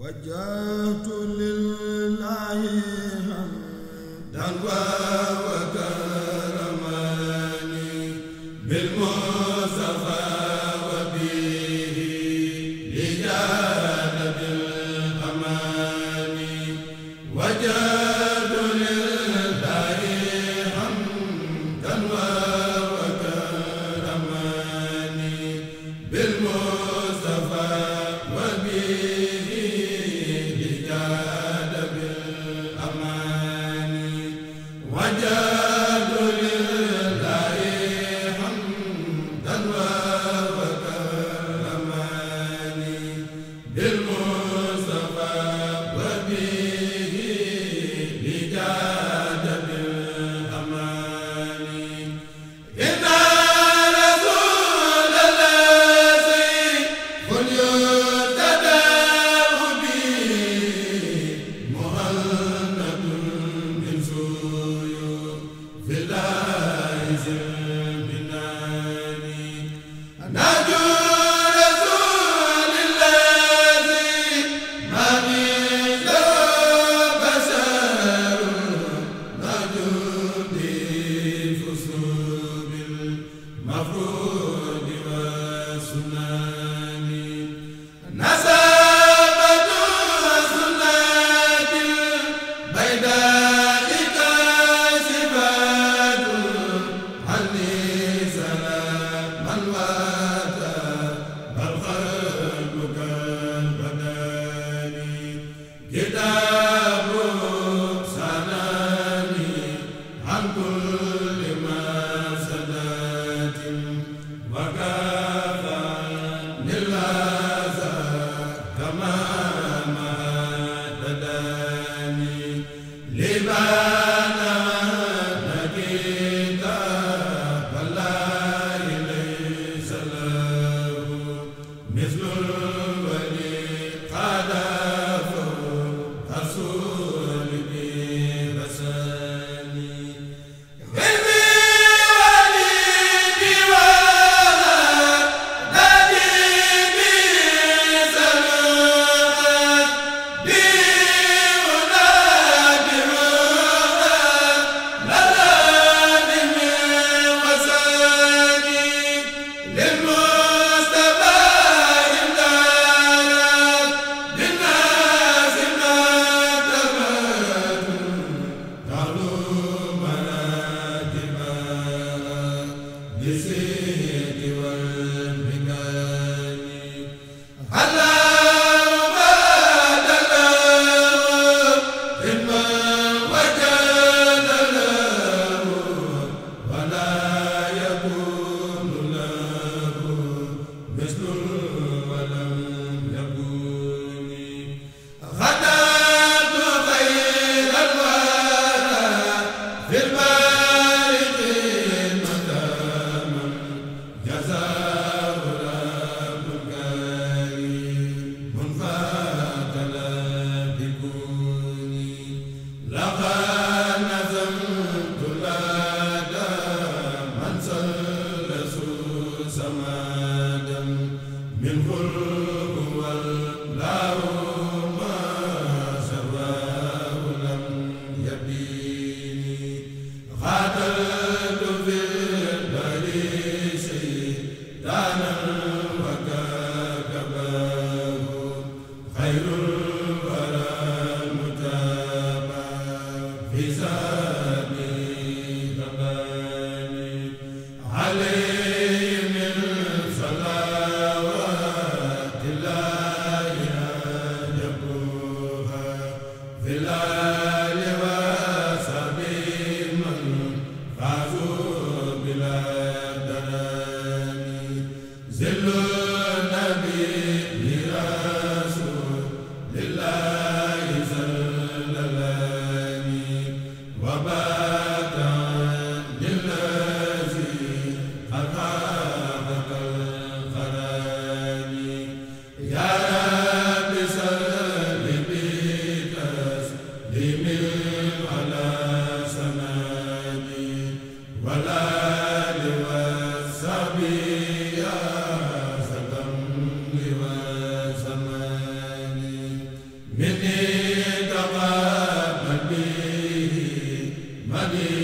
wajjahtu yéen Allah سمادا منه Amiin